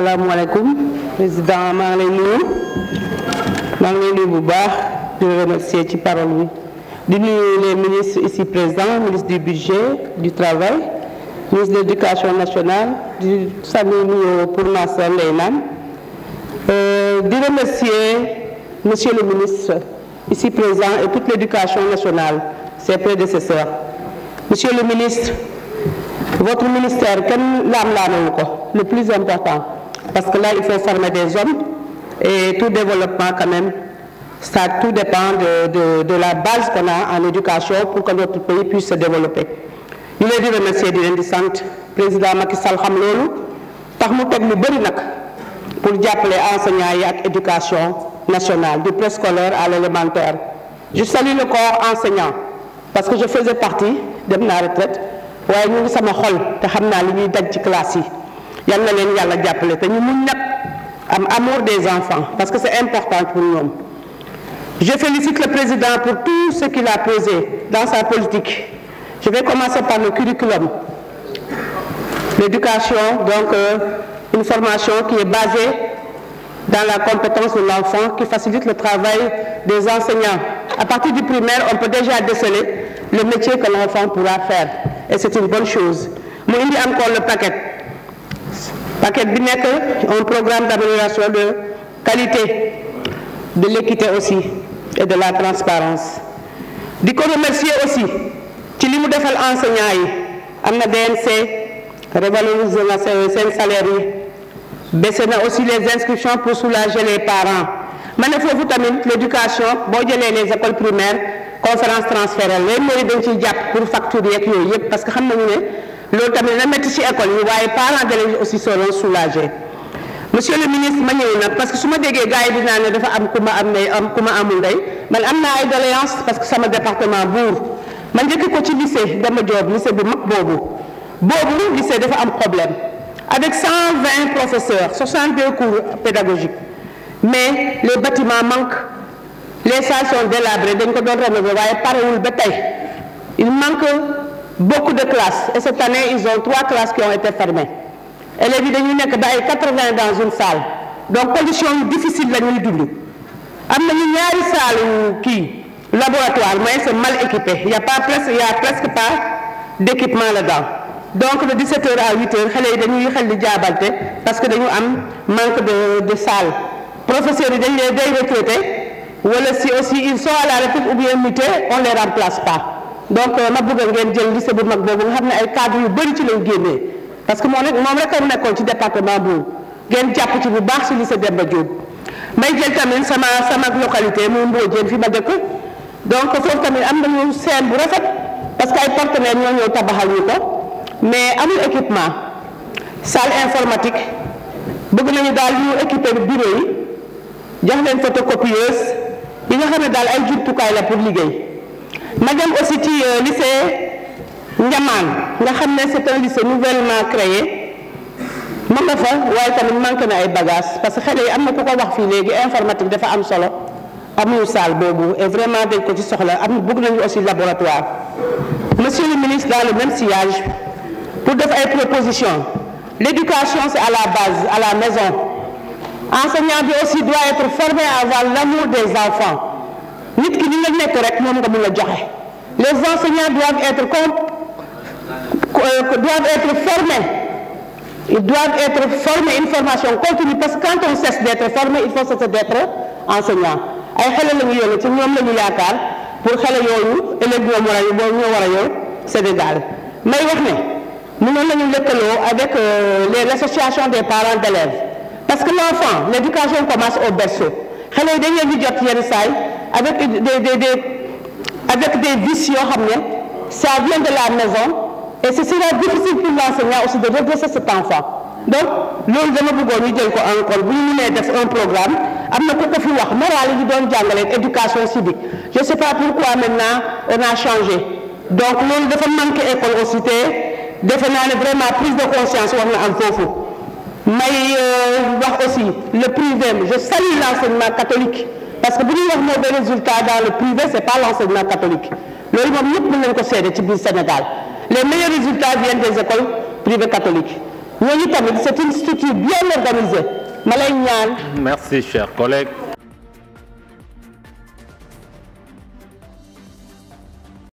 Assalamualaikum. président maa ngi Bouba, nuyu maa les ministres ici présents ministre du budget du travail ministre de l'éducation nationale du sànni pour Nassar Ndeye Euh, dites remercier monsieur le ministre ici présent et toute l'éducation nationale ses prédécesseurs monsieur le ministre votre ministère la laam-laamal le plus important parce que là, il faut former des hommes et tout développement quand même, ça tout dépend de, la base qu'on a en éducation pour que notre pays puisse se développer. je veux remercier le président Macky Sall tax mu pour enseignants éducation nationale du préscolaire à l'élémentaire je salue le corps enseignant parce que je faisais partie de ma retraite Oui, nous sommes sama xol te il y a un amour des enfants parce que c'est important pour nous je félicite le président pour tout ce qu'il a posé dans sa politique je vais commencer par le curriculum l'éducation donc euh, une formation qui est basée dans la compétence de l'enfant qui facilite le travail des enseignants à partir du primaire on peut déjà déceler le métier que l'enfant pourra faire et c'est une bonne chose mais il y a encore le paquet paquet bi un programme d'amélioration de qualité de l'équité aussi et de la transparence Je vous remercier aussi ci li mu defal enseignant yi DNC révalorisé la salaire aussi les inscriptions pour soulager les parents Maintenant, ne faut remercier l' l'éducation. les écoles primaires conférences transférées. les moyens de ciy pour facturer parce que loolu tamit la métti parents aussi seront monsieur le ministre parce que su ma gars yi dafa am am am amul parce que sama département ko ci lycée dama lycée dafa am problème avec 120 professeurs 62 cours pédagogiques mais les bâtiments manquent les salles sont délabrées dañ ko doon rénover il manque beaucoup de classes. Et cette année, ils ont trois classes qui ont été fermées. Et les il y en 80 dans une salle donc condition difficiles difficile nous doubler. Il y a une salle qui laboratoire mais c'est mal équipé il n'y a pas presque il y a presque pas d'équipement là-dedans donc de 17 h à 8 h nous avons dañuy xel déjà abattus. parce que nous manque de de salle professeurs ils dañ retraités. Ou si aussi ils sont à la retraite ou bien mutés on les remplace pas donc euh, ma bëgg ngeen jël lycée bu mag boobu nga xam ne ay cadre yu bëri ci lañ génnee parce que moom rek moom rek a nekkoon ci département boobu ngeen jàpp ci bu baax ci lycée de Diop. may jël tamit sama sama localité mu Mbodjeen fi ma dëkk donc foofu tamit am na nañu seen bu rafet parce que ay partenaires ñoo ñëw tabaxal ñu ko mais amul équipement salle informatique bëgg nañu daal ñu équiper bureau yi jox leen photocopieuse yi nga xam ne daal ay jumtukaay la pour Madame aussi, aussi euh, lycée c'est un lycée nouvellement créé parce que les yi et vraiment laboratoire monsieur le ministre dans le même sillage pour def ay propositions l'éducation c'est à la base à la maison enseignant aussi doit être formé à l'amour des enfants nit ki li la nekk rek moom nga mun joxe les enseignants doivent être euh, doivent être formés ils doivent être formés une formation continue parce que quand on cesse d'être formé il faut cesser d'être enseignant ay xale la ñu yónni ci ñoom la ñu yaakaar pour xale yooyu ëllëg ñoom war a ñoo war a yow Sénégal may wax ne mënoon nañu lëkkaloo avec euh, les associations des parents d'élèves parce que l'enfant l'éducation commence au berceau xale yi dañuy jot yenn saay avec des, des, des, avec des visions, ça vient de la maison, et ce sera difficile pour l'enseignant aussi de redresser cet enfant. donc nous, dama bëggoon ñu jël ko encore bu ñu un programme am na ko fi wax morale yi éducation civique je sais pas pourquoi maintenant on a changé donc nous devons manqué école aussi te vraiment prise de conscience en na am foofu euh, aussi le privé je salue l'enseignement catholique parce que les mauvais résultats dans le privé ce n'est pas l'enseignement catholique Le meilleur résultat Sénégal les meilleurs résultats viennent des écoles privées catholiques c'est une structure bien organisée merci chers collègues.